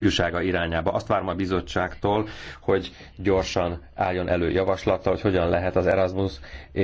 ifjúsága irányába. Azt várom a bizottságtól, hogy gyorsan álljon elő javaslata, hogy hogyan lehet az Erasmus